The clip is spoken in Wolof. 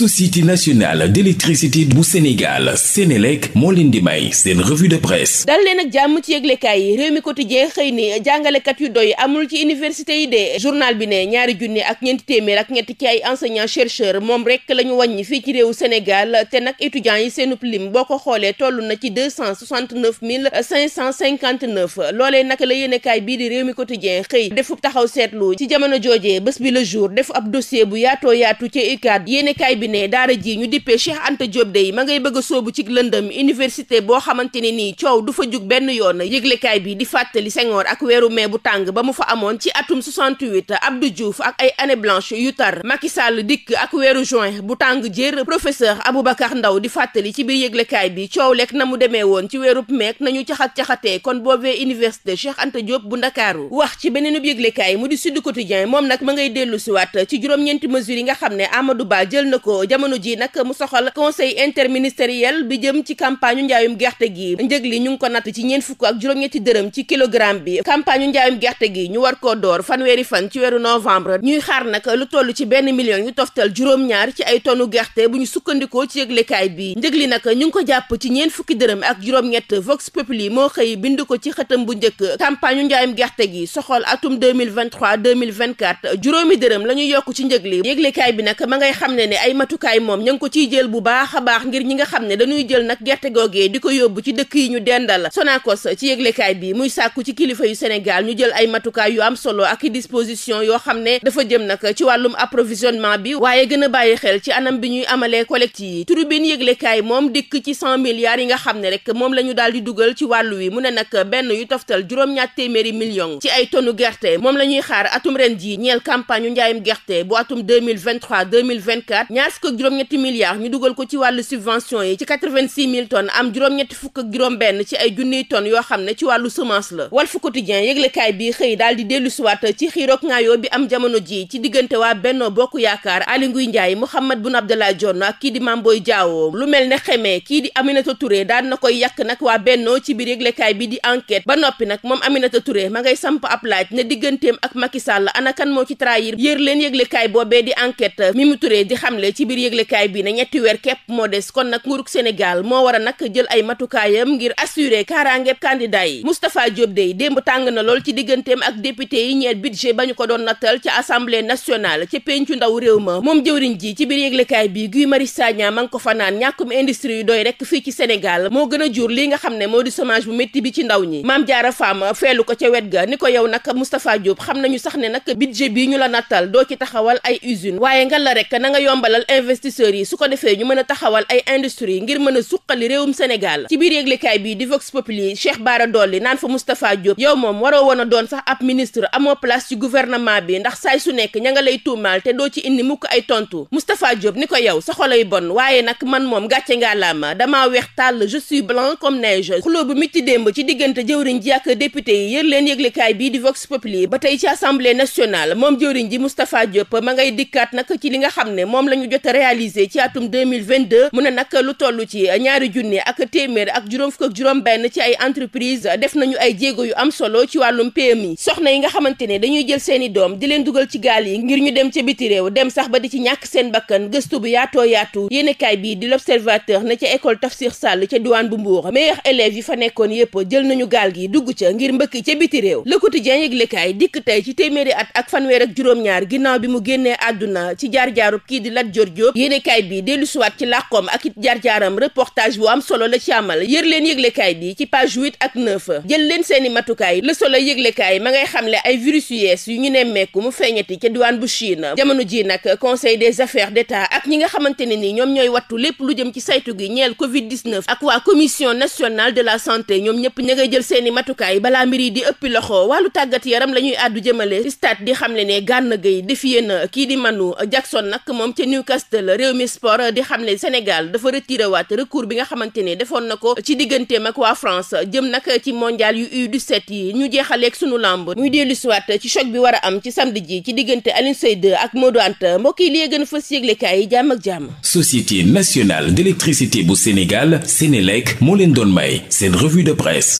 société nationale d'électricité bu Sénégal Sénélec moo leen di may seen revue de presse dal leen ak jàmm ci yëglekaay yi réew mi quotidien xëy ni jàngalekat yu doy amul ci université yi de journal bi ne ñaari junni ak ñeenti téeméer ak ñetti ci ay enseignant chercheur moom rek la wàññi fii ci réewu Sénégal te nag étudiants yi seenub lim boo ko xoolee toll na ci loolee nag la yéenekaay bii réew mi quotidien xëy defub taxaw seetlu ci jamono joojee ne daara jii ñu dippee Cheikh Anta Diop dey ma ngay bëgg a soobu ci lëndëm université boo xamante ne nii coow du fa jug benn yoon yëglekaay bi di fàttali Senghor ak weeru mai bu tàng ba mu fa amoon ci atum 68 Abdou Diouf ak ay année blanche yu tar Macky Sall dikk ak weeru juin bu tàng jër professeur Aboubacar Ndaw di fàttali ci biir yëglekaay bi coow lekk na mu demee woon ci weerub meek nañu caxat-caxatee kon boobee université Cheikh Anta Diop bu Ndakaaru wax ci beneenub yëglekaay mu di Sud Quotidien moom nag ma ngay dellu siwaat ci juróom-ñeenti yi nga xam ne Amadou Ba jël na ko ko jamono ji nag mu soxal conseil interministériel bi jëm ci campagne njaayum gerte gi njëg li ñu ngi ko natt ci ñeent fukk ak juróom-ñetti dërëm ci kilogramme bi campagne njaayum gerte gi ñu war koo door fanweeri fan ci novembre ñuy xaar nag lu toll ci benn million yu toftal juróom-ñaar ci ay tonu gerte bu ñu sukkandikoo ci yëglekaay bi njëg li nag ñu ngi ko jàpp ci ñeent fukki dërëm ak juróom-ñett Vox Populi moo xëy bind ko ci xëtam bu njëkk campagne njaayum gerte gi soxal atum mille 2023 2024 juróomi dërëm la ñuy yokk ci njëg li yëglekaay bi nag ma ngay xam ne ne ay matukaay moom ña ngi ko ciy jël bu baax a baax ngir ñi nga xam ne dañuy jël nag gerte googee di ko yóbbu ci dëkk yi ñu dendal Sonacos ci yëglekaay bi muy sàkku ci kilifa yu Sénégal ñu jël ay matukaay yu am solo ak disposition yoo xam ne dafa jëm nag ci wàllum approvisionnement bi waaye gën a bàyyi xel ci anam bi ñuy amalee collecte yi Tribune yëglekaay moom dikk ci cent milliards yi nga xam ne rek moom la ñu daal di dugal ci wàllu wi mu ne nag benn yu toftal juróom-ñaar téeméeri million ci ay tonu gerte moom la ñuy xaar atum ren ji ñeel campagne yu njaayum gerte bu atum 2023 2024 ñaar fukk ak juróom-ñetti milliards ñu dugal ko ci wàllu subvention yi ci 86000 tonnes am juróom-ñetti fukk ak juróom-benn ci ay junniy tonnes yoo xam ne ci wàllu semence la Walf Quotidien yëglekaay bi xëy daal di dellu siwaat ci xiiroog ngaayoo bi am jamono ji ci diggante waa Benno Bokk Yaakaar Aly Ngouille Ndiaye Mouhamed Boun Abdallah Dionne ak kii di Mame booy Diao lu mel ne xemee kii di Aminata Touré daan na koy yàq nag waa Benno ci biir yëglekaay bi di enquête ba noppi nag moom Aminata Touré ma ngay samp ab laaj ne digganteem ak Macky Sall ana kan moo ci trahir yër leen yëglekaay boobee di enquête Mimi Touré di xamle ci biir yëglekaay bii na ñetti weer képp moo des kon nag nguurug Sénégal moo war a nag jël ay matukaayam ngir assurer kaaraangeeb candidat yi Moustapha Diop dey démb tàng na lool ci digganteem ak député yi ñeer budget ba ñu ko doon nattal ci assemblée national ci pencu ndaw réew ma moom jëwriñ ji ci biir yëglekaay bi Guy Marius Sagna ma ngi ko fanaan ñàkkum industrie yu doy rek fii ci Sénégal moo gën a jur li nga xam ne moo di chômage bu métti bi ci ndaw ñi Mame Diarra Fam feelu ko ca wet ga ni ko yow nag Moustapha Diop xam nañu sax ne nag budget bi ñu la nattal doo ci taxawal ay usine waaye nga investisseurs yi su ko defee ñu mën a taxawal ay industrie ngir mën a suqali réewum Sénégal ci biir yëglekaay bii di Vox Populi Cheikh Bara Dolly naan fa Moustapha Diop yow moom waroo woon doon sax ab ministre amoo place ci gouvernement bi ndax saay su nekk ña nga lay tuumaal te doo ci indi mukk ay tontu Moustapha Diop ni ko yow sa xolay bon waaye nag man moom gàcce ngaa laama damaa weex tàll je suis blanc comme neige xuloo bu mitti démb ci diggante jëwriñ ji ak député di Vox Populi ba tey ci assemblée nationale moom jëwriñ ji Moustapha Diop ma ngay jot a réalisé ci atum 2022 mu ne nag lu toll ci ñaari junne ak téeméer ak juróom fukk ak juróom benn ci ay entreprise def nañu ay jéego yu am solo ci wàllum yi soxna yi nga xamante ne dañuy jël seeni doom di leen dugal ci gaal yi ngir ñu dem ca biti réew dem sax ba di ci ñàkk seen bakkan gëstu bu yaatoo yaatu yéenekaay bii di l'observateur na ca école Tafsir Sall ca diwaan bu Mbour meilleurs élèves yi fa nekkoon yépp jël nañu gaal gi dugg ca ngir mbëkk ca biti réew Le Quotidien yëglekaay dikk tey ci téeméeri at ak fanweer ak juróom-ñaar ginnaaw bi mu génnee àdduna ci jaar jaarub kii di Lat Joor Diop yéenekaay bi dellu ci làqoom ak jaar-jaaram reportage bu am solo la ci amal yër yëglekaay bi ci page huit ak neuf jël leen seeni matukaay Le Soleil yëglekaay ma ngay xamle ay virus yees yu ñu nemmeeku mu feeñati ca diwaan bu Chine jamono ji nag conseil des affaires d'État ak ñi nga xamante ni ñoom ñooy wattu lépp lu jëm ci saytu gi ñeel Covid ak waa commission nationale de la santé ñoom ñëpp ña ngay jël seeni matukaay balaa mbir yi Astel Rewmi Sport di xam ne Sénégal dafa retiré waat recours bi nga xamante ne defoon na ko ci digganteem ak waa France jëm nag ci mondial yu U17 yi ñu jeexaleeg sunu lamb muy dellu si waat ci choc bi war a am ci samedi ji ci diggante Alioune Seye 2 ak Modou Anta mbokk yi li gën a fës yëglekaay yi jàmm ak jàmm. Société nationale d'électricité bu Sénégal Sénélec moo leen doon may seen revue de presse.